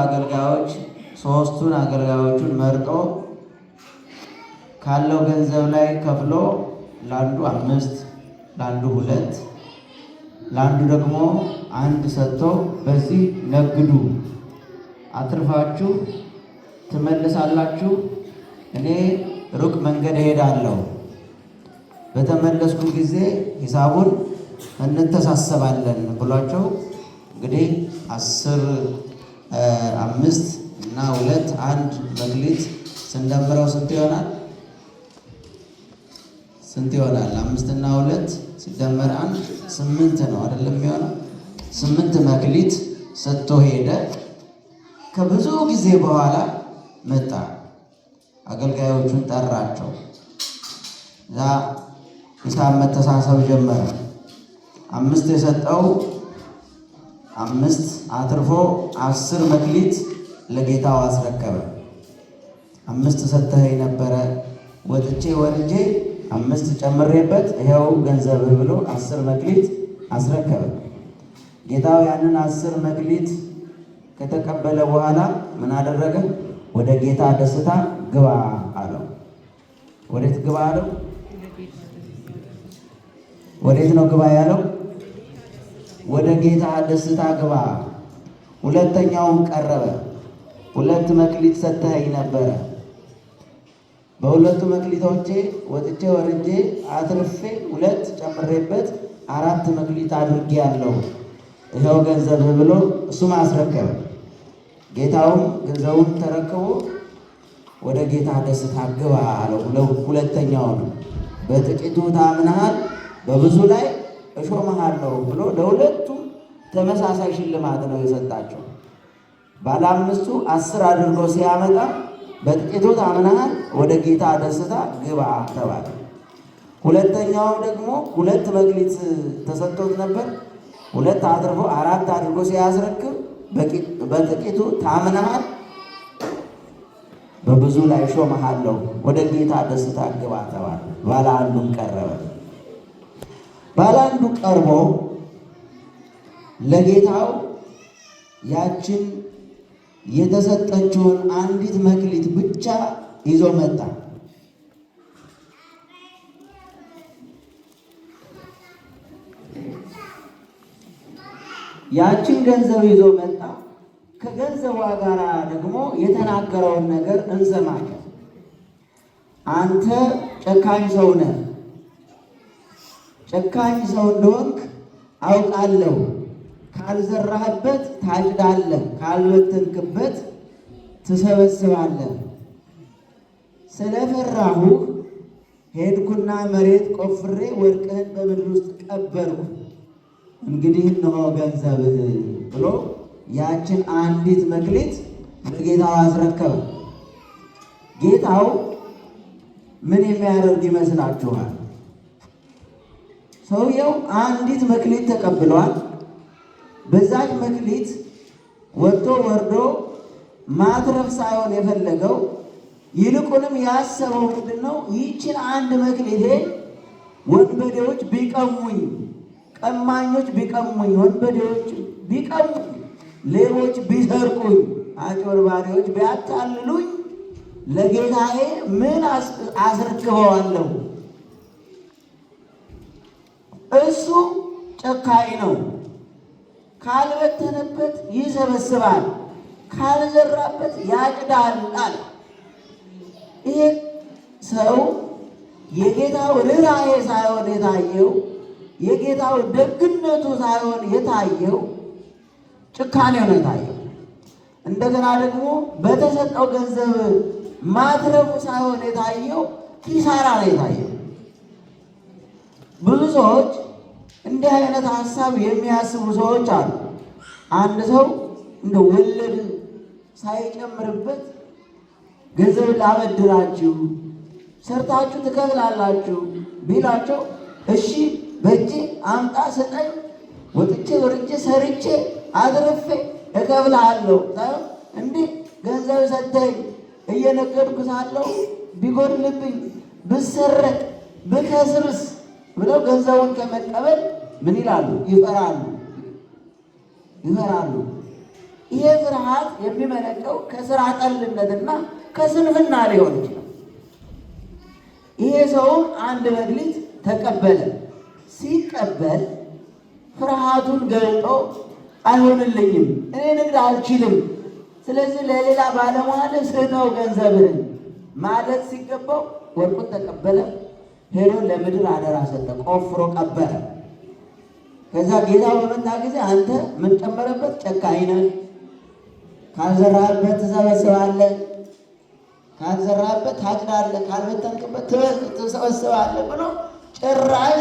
አገልጋዮች ሶስቱን አገልጋዮቹን መርጦ ካለው ገንዘብ ላይ ከፍሎ ለአንዱ አምስት፣ ለአንዱ ሁለት፣ ለአንዱ ደግሞ አንድ ሰጥቶ በዚህ ነግዱ አትርፋችሁ ትመልሳላችሁ እኔ ሩቅ መንገድ እሄዳለሁ። በተመለስኩ ጊዜ ሂሳቡን እንተሳሰባለን ብሏቸው እንግዲህ አስር አምስት እና ሁለት አንድ መክሊት ስንደምረው ስንት ይሆናል? ስንት ይሆናል? አምስት እና ሁለት ሲደመር አንድ ስምንት ነው አይደለም? የሚሆነው ስምንት መክሊት ሰጥቶ ሄደ። ከብዙ ጊዜ በኋላ መጣ። አገልጋዮቹን ጠራቸው። እዛ ሂሳብ መተሳሰብ ጀመረ። አምስት የሰጠው አምስት አትርፎ አስር መክሊት ለጌታው አስረከበ። አምስት ሰጥተኸኝ ነበረ ወጥቼ ወርጄ አምስት ጨምሬበት ይኸው ገንዘብህ ብሎ አስር መክሊት አስረከበ። ጌታው ያንን አስር መክሊት ከተቀበለ በኋላ ምን አደረገ? ወደ ጌታ ደስታ ግባ አለው። ወዴት ግባ አለው? ወዴት ነው ግባ ያለው? ወደ ጌታ ደስታ ግባ። ሁለተኛውም ቀረበ። ሁለት መክሊት ሰጥተኸኝ ነበረ፣ በሁለቱ መክሊቶቼ ወጥቼ ወርጄ አትርፌ ሁለት ጨምሬበት አራት መክሊት አድርጌ ያለው ይኸው ገንዘብ ብሎ እሱም አስረከበ። ጌታውም ገንዘቡን ተረክቦ ወደ ጌታ ደስታ ግባ አለው። ሁለተኛው ነው በጥቂቱ ታምነሃል በብዙ ላይ ነው ብሎ ለሁለቱም ተመሳሳይ ሽልማት ነው የሰጣቸው። ባለ አምስቱ አስር አድርጎ ሲያመጣ በጥቂቱ ታምነሃል ወደ ጌታ ደስታ ግባ ተባለ። ሁለተኛው ደግሞ ሁለት መክሊት ተሰጥቶት ነበር። ሁለት አድርጎ አራት አድርጎ ሲያስረክብ በጥቂቱ ታምነሃል በብዙ ላይ ሾመሃለሁ፣ ወደ ጌታ ደስታ ግባ ተባለ። ባለ አንዱም ቀረበ። ባለ አንዱ ቀርቦ ለጌታው ያችን የተሰጠችውን አንዲት መክሊት ብቻ ይዞ መጣ። ያችን ገንዘብ ይዞ መጣ። ከገንዘቧ ጋር ደግሞ የተናገረውን ነገር እንሰማለን። አንተ ጨካኝ ሰው ነህ፣ ጨካኝ ሰው እንደሆንክ አውቃለሁ፣ ካልዘራህበት ታጭዳለህ፣ ካልበተንክበት ትሰበስባለህ። ስለፈራሁ ሄድኩና መሬት ቆፍሬ ወርቅህን በምድር ውስጥ ቀበርኩ። እንግዲህ እነሆ ገንዘብህ ብሎ ያችን አንዲት መክሊት ለጌታው አስረከበ። ጌታው ምን የሚያደርግ ይመስላችኋል? ሰውየው አንዲት መክሊት ተቀብሏል። በዛች መክሊት ወጥቶ ወርዶ ማትረፍ ሳይሆን የፈለገው ይልቁንም ያሰበው ምንድን ነው? ይህችን አንድ መክሊቴ ወንበዴዎች ቢቀሙኝ፣ ቀማኞች ቢቀሙኝ፣ ወንበዴዎች ቢቀሙኝ ሌቦች ቢሰርቁኝ፣ አጭበርባሪዎች ቢያታልሉኝ ለጌታዬ ምን አስረክበዋለሁ? እሱ ጨካኝ ነው። ካልበተነበት ይሰበስባል፣ ካልዘራበት ያጭዳል አለ። ይሄ ሰው የጌታው ርኅራኄ ሳይሆን የታየው የጌታው ደግነቱ ሳይሆን የታየው ጭካኔ ነው የታየው። እንደገና ደግሞ በተሰጠው ገንዘብ ማትረፉ ሳይሆን የታየው ኪሳራ ነው የታየው። ብዙ ሰዎች እንዲህ አይነት ሀሳብ የሚያስቡ ሰዎች አሉ። አንድ ሰው እንደ ወለድ ሳይጨምርበት ገንዘብ ላበድራችሁ ሰርታችሁ ትከፍላላችሁ ቢላቸው እሺ በእጄ አምጣ ስጠኝ ወጥቼ ወርጄ ሰርቼ አትርፌ እከፍልሃለሁ። እንዲህ ገንዘብ ሰተኝ እየነገድኩ ሳለሁ ቢጎድልብኝ ብሰረቅ ብከስርስ ብለው ገንዘቡን ከመቀበል ምን ይላሉ? ይፈራሉ፣ ይፈራሉ። ይሄ ፍርሃት የሚመነጨው ከስራ ጠልነትና ከስንፍና ሊሆን ይችላል። ይሄ ሰውም አንድ መግሊት ተቀበለ። ሲቀበል ፍርሃቱን ገልጦ አይሆንልኝም፣ እኔ ንግድ አልችልም። ስለዚህ ለሌላ ባለሟል ስጠው ገንዘብን ማለት ሲገባው ወርቁን ተቀበለ፣ ሄዶ ለምድር አደራ ሰጠ፣ ቆፍሮ ቀበረ። ከዛ ጌታ በመጣ ጊዜ አንተ ምን ጨመረበት? ጨካኝ ነህ፣ ካልዘራህበት ትሰበስባለህ፣ ካልዘራህበት ታጭዳለህ፣ ካልበተንክበት ትሰበስባለህ ብሎ ጭራሽ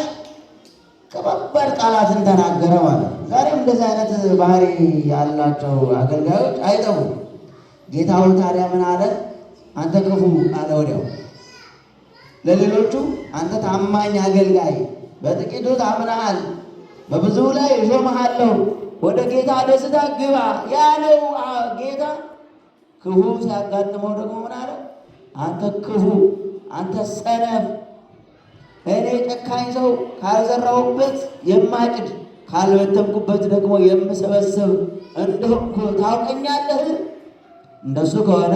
ከባባድ ቃላትን ተናገረ ማለት ነው። ዛሬም እንደዚህ አይነት ባህሪ ያላቸው አገልጋዮች አይጠፉም። ጌታው ታዲያ ምን አለ? አንተ ክፉ አለ ወዲያው ለሌሎቹ አንተ ታማኝ አገልጋይ፣ በጥቂቱ ታምናሃል፣ በብዙ ላይ እሾምሃለሁ፣ ወደ ጌታ ደስታ ግባ ያለው ጌታ ክፉ ሲያጋጥመው ደግሞ ምን አለ? አንተ ክፉ፣ አንተ ሰነፍ እኔ ጨካኝ ሰው ካልዘራሁበት የማጭድ ካልበተንኩበት ደግሞ የምሰበስብ እንደሆንኩ ታውቀኛለህ። እንደሱ ከሆነ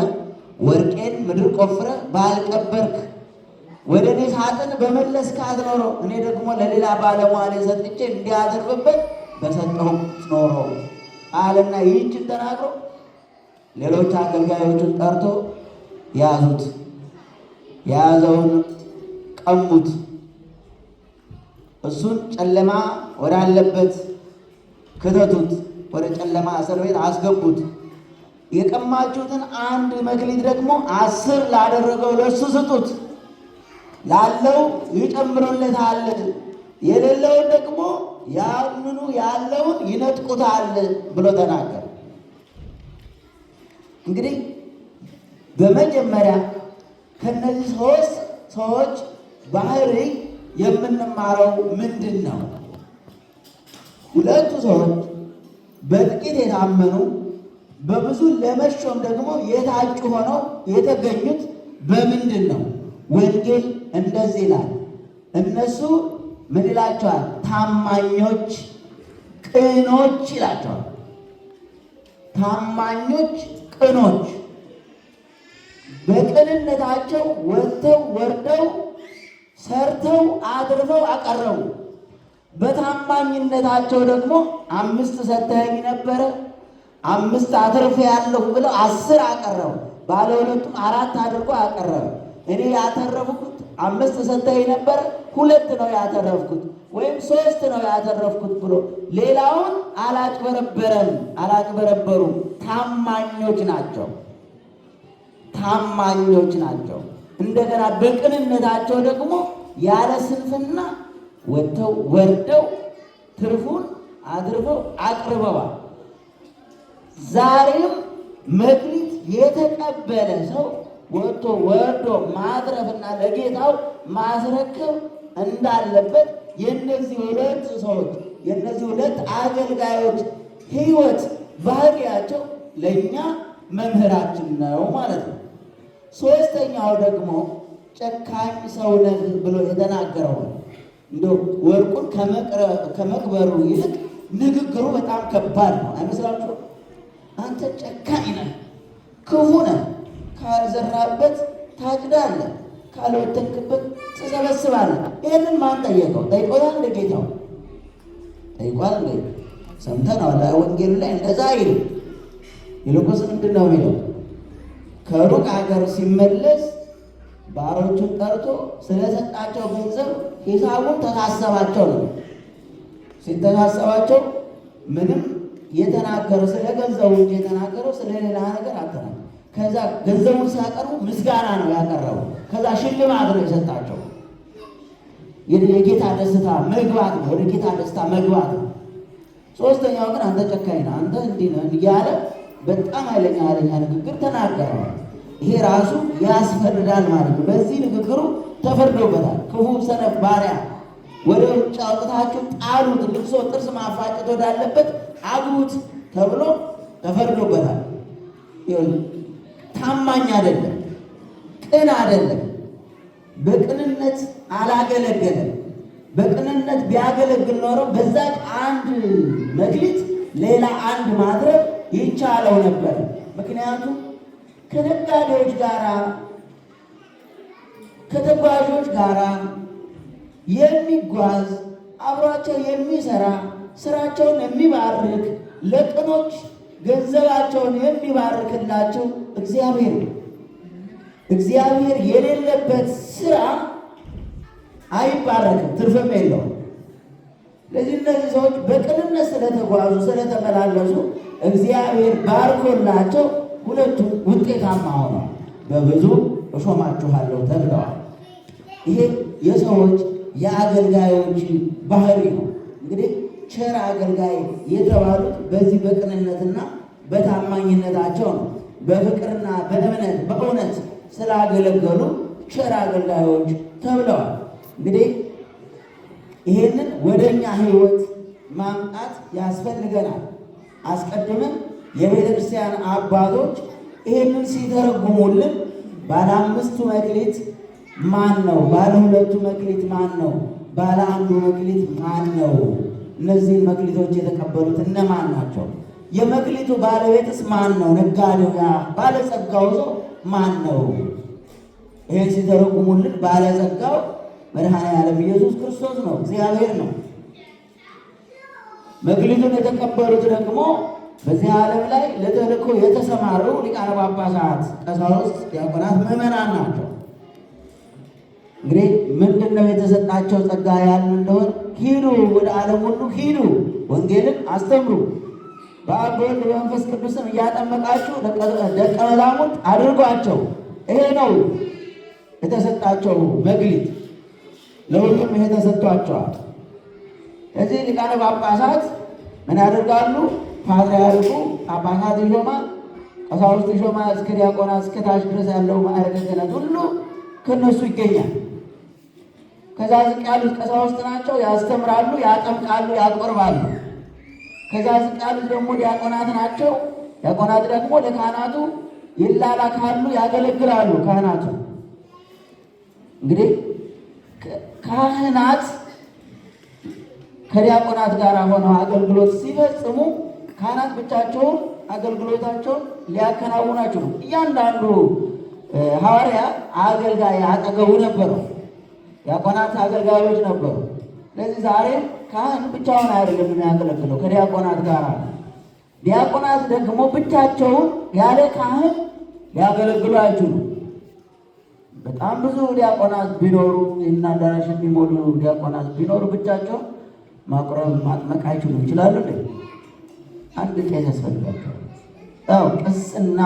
ወርቄን ምድር ቆፍረ ባልቀበርክ ወደ እኔ ሳጥን በመለስካት ኖሮ እኔ ደግሞ ለሌላ ባለሟል ሰጥቼ እንዲያተርፍበት በሰጠሁም ኖሮ አለና ይህችን ተናግሮ ሌሎች አገልጋዮቹን ጠርቶ ያዙት፣ የያዘውን ቀሙት። እሱን ጨለማ ወዳለበት ክተቱት፣ ወደ ጨለማ እስር ቤት አስገቡት። የቀማችሁትን አንድ መክሊት ደግሞ አስር ላደረገው ለእሱ ስጡት። ላለው ይጨምሩለታል፣ የሌለውን ደግሞ ያንኑ ያለውን ይነጥቁታል ብሎ ተናገር። እንግዲህ በመጀመሪያ ከነዚህ ሶስት ሰዎች ባህሪ የምንማረው ምንድን ነው? ሁለቱ ሰዎች በጥቂት የታመኑ በብዙ ለመሾም ደግሞ የታጩ ሆነው የተገኙት በምንድን ነው? ወንጌል እንደዚህ ይላል። እነሱ ምን ይላቸዋል? ታማኞች ቅኖች ይላቸዋል። ታማኞች ቅኖች በቅንነታቸው ወጥተው ወርደው ሰርተው አድርፈው አቀረቡ። በታማኝነታቸው ደግሞ አምስት ሰተኸኝ ነበረ አምስት አትርፍ ያለሁ ብለው አስር አቀረቡ። ባለ ሁለቱም አራት አድርጎ አቀረቡ። እኔ ያተረፍኩት አምስት ሰተኸኝ ነበረ ሁለት ነው ያተረፍኩት ወይም ሶስት ነው ያተረፍኩት ብሎ ሌላውን አላጭበረበረም፣ አላጭበረበሩም። ታማኞች ናቸው፣ ታማኞች ናቸው። እንደገና በቅንነታቸው ደግሞ ያለ ስንፍና ወጥተው ወርደው ትርፉን አድርገው አቅርበዋል። ዛሬም መክሊት የተቀበለ ሰው ወጥቶ ወርዶ ማትረፍና ለጌታው ማስረከብ እንዳለበት የእነዚህ ሁለት ሰዎች የእነዚህ ሁለት አገልጋዮች ህይወት ባህሪያቸው ለእኛ መምህራችን ነው ማለት ነው። ሶስተኛው ደግሞ ጨካኝ ሰው ነህ ብሎ የተናገረው እንዶ ወርቁን ከመቅበሩ ይልቅ ንግግሩ በጣም ከባድ ነው አይመስላችሁ? አንተ ጨካኝ ነህ፣ ክፉ ነህ፣ ካልዘራበት ታጭዳለህ፣ ካልወተንክበት ትሰበስባለህ። ይህንን ማን ጠየቀው? ጠይቆታል? እንደ ጌታው ጠይቋል። እንደ ሰምተነዋል። ወንጌሉ ላይ እንደዛ ይል ይልቁስ ምንድን ነው የሚለው ከሩቅ ሀገር ሲመለስ ባሮቹን ጠርቶ ስለሰጣቸው ገንዘብ ሂሳቡን ተሳሰባቸው ነው። ሲተሳሰባቸው ምንም የተናገረው ስለ ገንዘቡ እንጂ የተናገረው ስለ ሌላ ነገር አልተናገረም። ከዛ ገንዘቡን ሲያቀርቡ ምስጋና ነው ያቀረቡ ከዛ ሽልማት ነው የሰጣቸው። የጌታ ደስታ መግባት ነው። ወደ ጌታ ደስታ መግባት ነው። ሶስተኛው ግን አንተ ጨካኝ ነህ፣ አንተ እንዲህ ነህ እያለ በጣም ኃይለኛ ኃይለኛ ንግግር ተናገረ ይሄ ራሱ ያስፈርዳል ማለት ነው። በዚህ ንግግሩ ተፈርዶበታል። ክፉ ሰነፍ ባሪያ ወደ ውጭ አውጥታችሁ ጣሉት፣ ልቅሶ ጥርስ ማፋጨት ወዳለበት አግሩት ተብሎ ተፈርዶበታል። ታማኝ አይደለም፣ ቅን አይደለም፣ በቅንነት አላገለገለም። በቅንነት ቢያገለግል ኖረው በዛ አንድ መግሊት ሌላ አንድ ማድረግ ይቻለው ነበር። ምክንያቱም ከነጋዴዎች ጋራ ከተጓዦች ጋራ የሚጓዝ አብሯቸው የሚሰራ ስራቸውን የሚባርክ ለቅኖች ገንዘባቸውን የሚባርክላቸው እግዚአብሔር ነው። እግዚአብሔር የሌለበት ስራ አይባረክም፣ ትርፍም የለውም። ለዚህ እነዚህ ሰዎች በቅንነት ስለተጓዙ ስለተመላለሱ እግዚአብሔር ባርኮላቸው ሁለቱም ውጤታማ ሆነ በብዙ እሾማችኋለሁ ተብለዋል። ይሄ የሰዎች የአገልጋዮች ባህሪ ነው። እንግዲህ ቸር አገልጋይ የተባሉት በዚህ በቅንነትና በታማኝነታቸው ነው። በፍቅርና በእምነት በእውነት ስላገለገሉ ቸር አገልጋዮች ተብለዋል። እንግዲህ ይሄንን ወደኛ ህይወት ማምጣት ያስፈልገናል። አስቀድመን የቤተ ክርስቲያን አባቶች ይህንን ሲተረጉሙልን ባለ አምስቱ መክሊት ማን ነው? ባለ ሁለቱ መክሊት ማን ነው? ባለ አንዱ መክሊት ማን ነው? እነዚህን መክሊቶች የተቀበሉት እነማን ናቸው? የመክሊቱ ባለቤትስ ማን ነው? ነጋዴው፣ ባለጸጋው ሰው ማን ነው? ይህን ሲተረጉሙልን ባለጸጋው መድኃኔ ዓለም ኢየሱስ ክርስቶስ ነው፣ እግዚአብሔር ነው። መክሊቱን የተቀበሉት ደግሞ በዚህ ዓለም ላይ ለተልእኮ የተሰማሩ ሊቃነ ጳጳሳት፣ ቀሳውስት፣ ዲያቆናት፣ ምዕመናን ናቸው። እንግዲህ ምንድን ነው የተሰጣቸው ጸጋ ያሉ እንደሆን ሂዱ፣ ወደ ዓለም ሁሉ ሂዱ፣ ወንጌልን አስተምሩ፣ በአብ በወልድ በመንፈስ ቅዱስም እያጠመቃችሁ ደቀ መዛሙርት አድርጓቸው። ይሄ ነው የተሰጣቸው መግሊት ለሁሉም ይሄ ተሰጥቷቸዋል። ስለዚህ ሊቃነ ጳጳሳት ምን ያደርጋሉ? ፓትርያርኩ ጳጳሳት ይሾማል፣ ቀሳውስት ይሾማል፣ እስከ ዲያቆና እስከ ታች ድረስ ያለው ማዕረገ ክህነት ሁሉ ከእነሱ ይገኛል። ከዛ ዝቅ ያሉት ቀሳውስት ናቸው፣ ያስተምራሉ፣ ያጠምቃሉ፣ ያቆርባሉ። ከዛ ዝቅ ያሉት ደግሞ ዲያቆናት ናቸው። ዲያቆናት ደግሞ ለካህናቱ ካሉ ያገለግላሉ። ካህናቱ እንግዲህ ካህናት ከዲያቆናት ጋር ሆነው አገልግሎት ሲፈጽሙ ካህናት ብቻቸውን አገልግሎታቸውን ሊያከናውናቸው ነው። እያንዳንዱ ሐዋርያ አገልጋይ አጠገቡ ነበሩ። ዲያቆናት አገልጋዮች ነበሩ። ስለዚህ ዛሬ ካህን ብቻውን አይደለም የሚያገለግለው ከዲያቆናት ጋር ዲያቆናት ደግሞ ብቻቸውን ያለ ካህን ሊያገለግሉ አይችሉ። በጣም ብዙ ዲያቆናት ቢኖሩ ይህን አዳራሽ የሚሞሉ ዲያቆናት ቢኖሩ ብቻቸውን ማቁረብ ማጥመቅ አይችሉም። ይችላሉ አንድ ቄስ ያስፈልጋቸዋል። ቅስና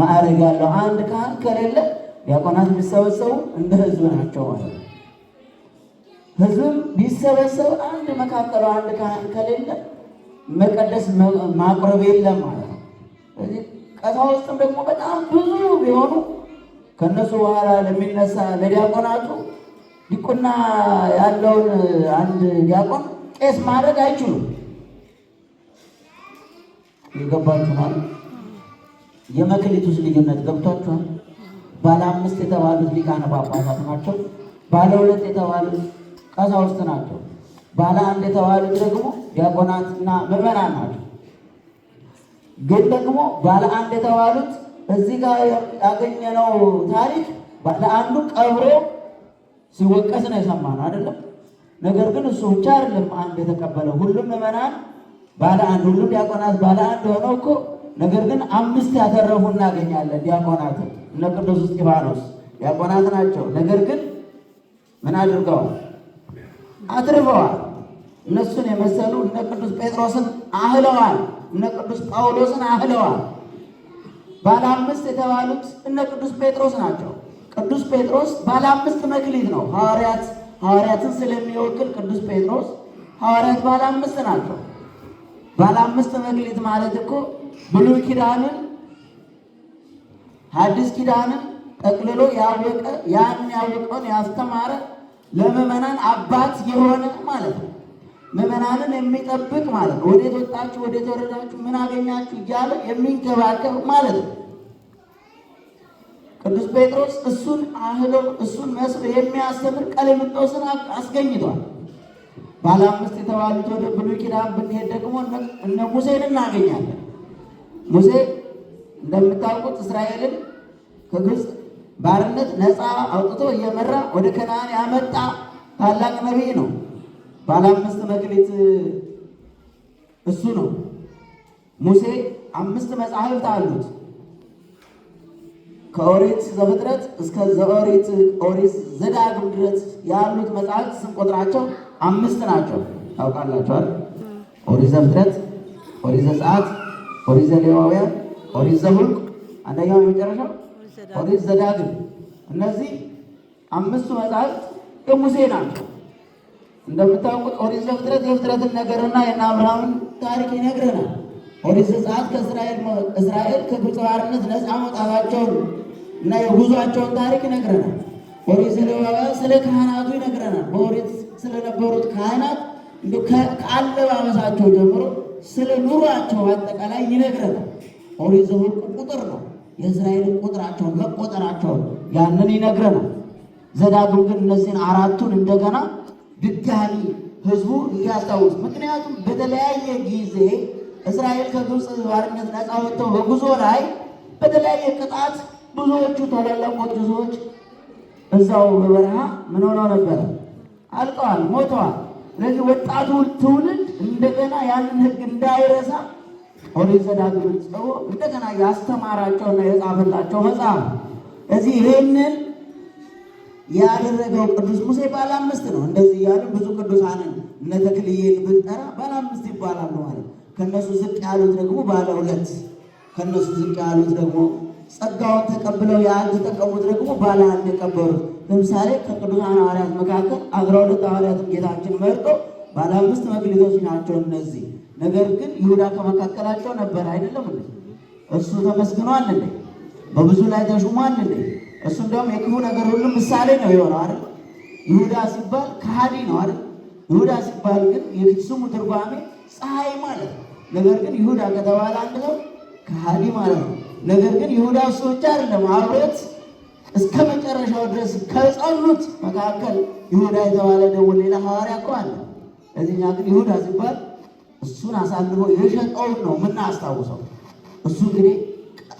ማዕረግ ያለው አንድ ካህን ከሌለ ዲያቆናት ቢሰበሰቡ እንደ ህዝብ ናቸው ማለት ነው። ህዝብም ቢሰበሰብ አንድ መካከሉ አንድ ካህን ከሌለ መቀደስ ማቁረብ የለም ማለት ነው። ስለዚህ ውስጥም ደግሞ በጣም ብዙ ቢሆኑ ከእነሱ በኋላ ለሚነሳ ለዲያቆናቱ ዲቁና ያለውን አንድ ዲያቆን ቄስ ማድረግ አይችሉም። የገባችኋል? የመክሊቱስ ልዩነት ገብቷችኋል? ባለ አምስት የተባሉት ሊቃነ ጳጳሳት ናቸው። ባለ ሁለት የተባሉት ቀሳውስት ናቸው። ባለ አንድ የተባሉት ደግሞ ዲያቆናትና ምዕመናን ናቸው። ግን ደግሞ ባለ አንድ የተባሉት እዚህ ጋር ያገኘነው ታሪክ ባለ አንዱ ቀብሮ ሲወቀስ ነው የሰማነው አይደለም። ነገር ግን እሱ ብቻ አይደለም አንድ የተቀበለው ሁሉም ምዕመናን ባለ አንድ ሁሉም ዲያቆናት ባለ አንድ ሆነው እኮ ነገር ግን አምስት ያተረፉ እናገኛለን። ዲያቆናት እነ ቅዱስ እስጢፋኖስ ዲያቆናት ናቸው። ነገር ግን ምን አድርገዋል? አትርፈዋል። እነሱን የመሰሉ እነ ቅዱስ ጴጥሮስን አህለዋል። እነ ቅዱስ ጳውሎስን አህለዋል። ባለ አምስት የተባሉት እነ ቅዱስ ጴጥሮስ ናቸው። ቅዱስ ጴጥሮስ ባለ አምስት መክሊት ነው ሐዋርያት ሐዋርያትን ስለሚወክል ቅዱስ ጴጥሮስ ሐዋርያት ባለ አምስት ናቸው። ባለ አምስት መክሊት ማለት እኮ ብሉይ ኪዳንን ሐዲስ ኪዳንን ጠቅልሎ ያወቀ ያን ያወቀውን ያስተማረ ለምዕመናን አባት የሆነ ማለት ነው። ምዕመናንን የሚጠብቅ ማለት ነው። ወዴት ወጣችሁ፣ ወዴት ወረዳችሁ፣ ምን አገኛችሁ እያለ የሚንከባከብ ማለት ነው። ቅዱስ ጴጥሮስ እሱን አህሎ እሱን መስሎ የሚያስተምር ቀሌምንጦስን አስገኝቷል። ባለ አምስት የተባሉት ወደ ብሉይ ኪዳን ብንሄድ ደግሞ እነ ሙሴን እናገኛለን። ሙሴ እንደምታውቁት እስራኤልን ከግብፅ ባርነት ነፃ አውጥቶ እየመራ ወደ ከነዓን ያመጣ ታላቅ ነቢይ ነው። ባለ አምስት መክሊት እሱ ነው። ሙሴ አምስት መጻሕፍት አሉት። ከኦሪት ዘፍጥረት እስከ ዘኦሪት ኦሪት ዘዳግም ድረስ ያሉት መጽሐፍት ስንቆጥራቸው አምስት ናቸው። ታውቃላችኋል። ኦሪት ዘፍጥረት፣ ኦሪት ዘጸአት፣ ኦሪት ዘሌዋውያን፣ ኦሪት ዘኍልቍ፣ አንደኛው የመጨረሻው ኦሪት ዘዳግም። እነዚህ አምስቱ መጽሐፍት የሙሴ ናቸው። እንደምታውቁት ኦሪት ዘፍጥረት የፍጥረትን ነገርና የእነ አብርሃምን ታሪክ ይነግረናል። ኦሪት ዘጸአት ከእስራኤል ከግብፅ ባርነት ነፃ መውጣታቸውን እና የጉዟቸውን ታሪክ ይነግረናል። ኦሪት ዘሌዋውያን ስለ ካህናቱ ይነግረናል። በኦሪት ስለነበሩት ካህናት ከአለባበሳቸው ጀምሮ ስለ ኑሯቸው አጠቃላይ ይነግረናል። ኦሪት ዘኍልቍ ቁጥር ነው የእስራኤልን ቁጥራቸውን መቆጠራቸውን ያንን ይነግረናል። ዘዳግም ግን እነዚህን አራቱን እንደገና ድጋሚ ህዝቡ እንዲያስታውስ ምክንያቱም በተለያየ ጊዜ እስራኤል ከግብፅ ባርነት ነፃ ወጥተው በጉዞ ላይ በተለያየ ቅጣት ብዙዎቹ ታላላቆች ብዙዎች እዛው በበረሃ ምን ሆነው ነበረ? አልቀዋል፣ ሞተዋል። ስለዚህ ወጣቱ ትውልድ እንደገና ያንን ህግ እንዳይረሳ ኦሪት ዘዳግም ጽፎ እንደገና ያስተማራቸውና የጻፈላቸው መጽሐፍ እዚህ ይህንን ያደረገው ቅዱስ ሙሴ ባለ አምስት ነው። እንደዚህ ያሉ ብዙ ቅዱሳንን እነ ተክልዬን ብንጠራ ባለ አምስት ይባላሉ ማለት። ከእነሱ ዝቅ ያሉት ደግሞ ባለ ሁለት፣ ከእነሱ ዝቅ ያሉት ደግሞ ጸጋውን ተቀብለው የአንድ የተቀቡት ደግሞ ባላ አንድ ለምሳሌ ከቅዱሳን ሐዋርያት መካከል አስራ ሁለት ሐዋርያትን ጌታችን መርጦ ባለ አምስት መክሊቶች ናቸው እነዚህ። ነገር ግን ይሁዳ ከመካከላቸው ነበር አይደለም እንዴ? እሱ ተመስግኖ አንዴ በብዙ ላይ ተሹሞ አንዴ እሱ እንደውም የክፉ ነገር ሁሉ ምሳሌ ነው የሆነው አይደል? ይሁዳ ሲባል ከሃዲ ነው አይደል? ይሁዳ ሲባል ግን የስሙ ትርጓሜ ፀሐይ ማለት ነው። ነገር ግን ይሁዳ ከተባለ አንድ ሰው ከሃዲ ማለት ነው። ነገር ግን ይሁዳ እሱ ብቻ አይደለም አብረት እስከ መጨረሻው ድረስ ከጸኑት መካከል ይሁዳ የተባለ ደግሞ ሌላ ሐዋርያ እኮ አለ። እዚህኛ ግን ይሁዳ ሲባል እሱን አሳልፎ የሸጠውን ነው የምናስታውሰው። እሱ እንግዲህ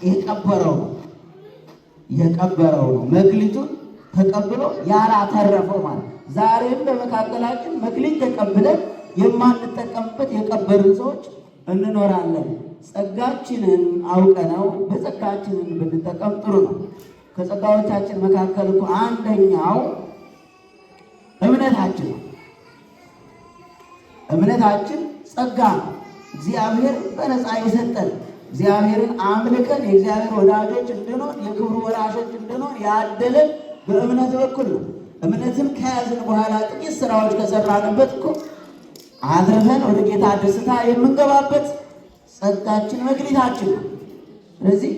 የቀበረው ነው የቀበረው ነው መክሊቱን ተቀብሎ ያላተረፈው ማለት ዛሬም በመካከላችን መክሊት ተቀብለን የማንጠቀምበት የቀበርን ሰዎች እንኖራለን። ጸጋችንን አውቀነው በጸጋችንን ብንጠቀም ጥሩ ነው። ከጸጋዎቻችን መካከል እኮ አንደኛው እምነታችን ነው። እምነታችን ጸጋ ነው። እግዚአብሔር በነፃ የሰጠን እግዚአብሔርን አምልከን የእግዚአብሔር ወዳጆች እንድንሆን የክብሩ ወራሾች እንድንሆን ያደለን በእምነት በኩል ነው። እምነትን ከያዝን በኋላ ጥቂት ስራዎች ከሰራንበት እኮ አትርፈን ወደ ጌታ ደስታ የምንገባበት ጸጋችን መክሊታችን ነው። ስለዚህ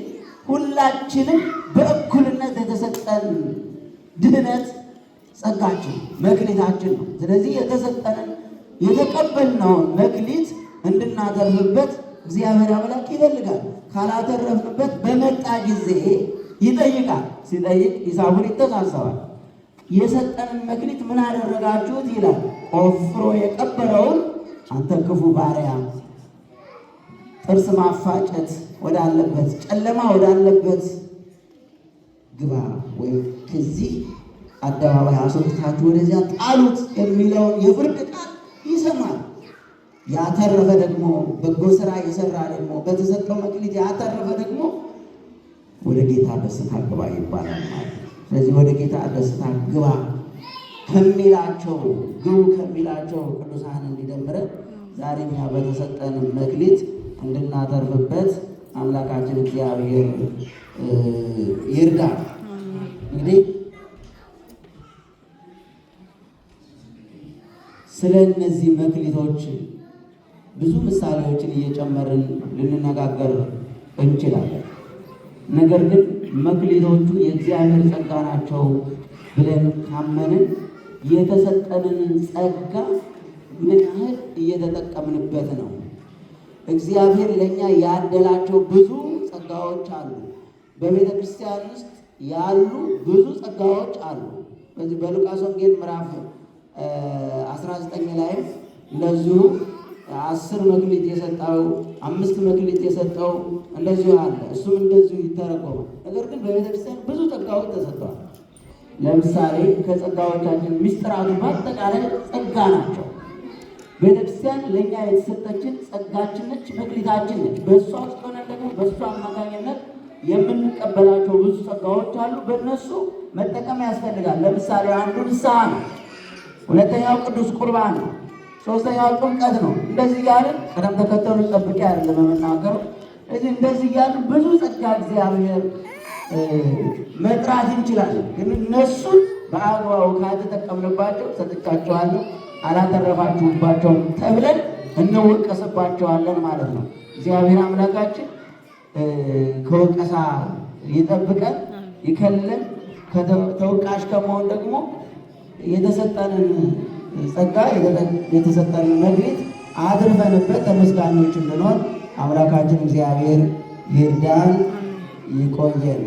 ሁላችንም በእኩልነት የተሰጠን ድህነት ጸጋችን መክሊታችን ነው። ስለዚህ የተሰጠንን የተቀበልነውን መክሊት እንድናተርፍበት እግዚአብሔር አምላክ ይፈልጋል። ካላተረፍንበት በመጣ ጊዜ ይጠይቃል። ሲጠይቅ ሂሳቡን ይተሳሰባል። የሰጠንን መክሊት ምን አደረጋችሁት? ይላል። ቆፍሮ የቀበረውን አንተ ክፉ ባሪያ፣ ጥርስ ማፋጨት ወዳለበት ጨለማ ወዳለበት ግባ ወይም ከዚህ አደባባይ አስወጥታችሁ ወደዚያ ጣሉት የሚለውን የፍርድ ቃል ይሰማል። ያተረፈ ደግሞ በጎ ስራ የሰራ ደግሞ በተሰጠው መክሊት ያተረፈ ደግሞ ወደ ጌታ በስታ ግባ ይባላል ማለት ነው። ስለዚህ ወደ ጌታ ደስታ ግባ ከሚላቸው ግቡ ከሚላቸው ቅዱሳን እንዲደምረን ዛሬ እኛ በተሰጠን መክሊት እንድናተርፍበት አምላካችን እግዚአብሔር ይርዳ። እንግዲህ ስለ እነዚህ መክሊቶች ብዙ ምሳሌዎችን እየጨመርን ልንነጋገር እንችላለን። ነገር ግን መክሊቶቹ የእግዚአብሔር ጸጋ ናቸው ብለን ካመንን የተሰጠንን ጸጋ ምን ያህል እየተጠቀምንበት ነው? እግዚአብሔር ለእኛ ያደላቸው ብዙ ጸጋዎች አሉ። በቤተ ክርስቲያን ውስጥ ያሉ ብዙ ጸጋዎች አሉ። በዚህ በሉቃስ ወንጌል ምዕራፍ 19 ላይም እንደዚሁ አስር መክሊት የሰጠው አምስት መክሊት የሰጠው እንደዚሁ አለ። እሱም እንደዚሁ ይተረጎማል። ነገር ግን በቤተክርስቲያን ብዙ ጸጋዎች ተሰጥተዋል። ለምሳሌ ከጸጋዎቻችን ምስጢራቱ በአጠቃላይ ጸጋ ናቸው። ቤተክርስቲያን ለእኛ የተሰጠችን ጸጋችን ነች፣ መክሊታችን ነች። በእሷ ውስጥ ሆነ ደግሞ በእሷ አማካኝነት የምንቀበላቸው ብዙ ጸጋዎች አሉ። በእነሱ መጠቀም ያስፈልጋል። ለምሳሌ አንዱ ንስሐ ነው። ሁለተኛው ቅዱስ ቁርባን ነው። ሶስተኛው ጥምቀት ነው። እንደዚህ ያልን ቀደም ተከተሉ ጠብቄ አይደለም የምናገረው። እዚህ እንደዚህ ያልን ብዙ ጸጋ እግዚአብሔር መጥራት እንችላለን። ግን እነሱን በአግባቡ ካልተጠቀምንባቸው ሰጥቻቸዋለሁ፣ አላተረፋችሁባቸውም ተብለን እንወቀስባቸዋለን ማለት ነው። እግዚአብሔር አምላካችን ከወቀሳ ይጠብቀን ይከልለን። ተወቃሽ ከመሆን ደግሞ የተሰጠንን ጸጋ የተሰጠን መግቢት አድርፈንበት ተመስጋኞች እንድንሆን አምላካችን እግዚአብሔር ይርዳን፣ ይቆየን።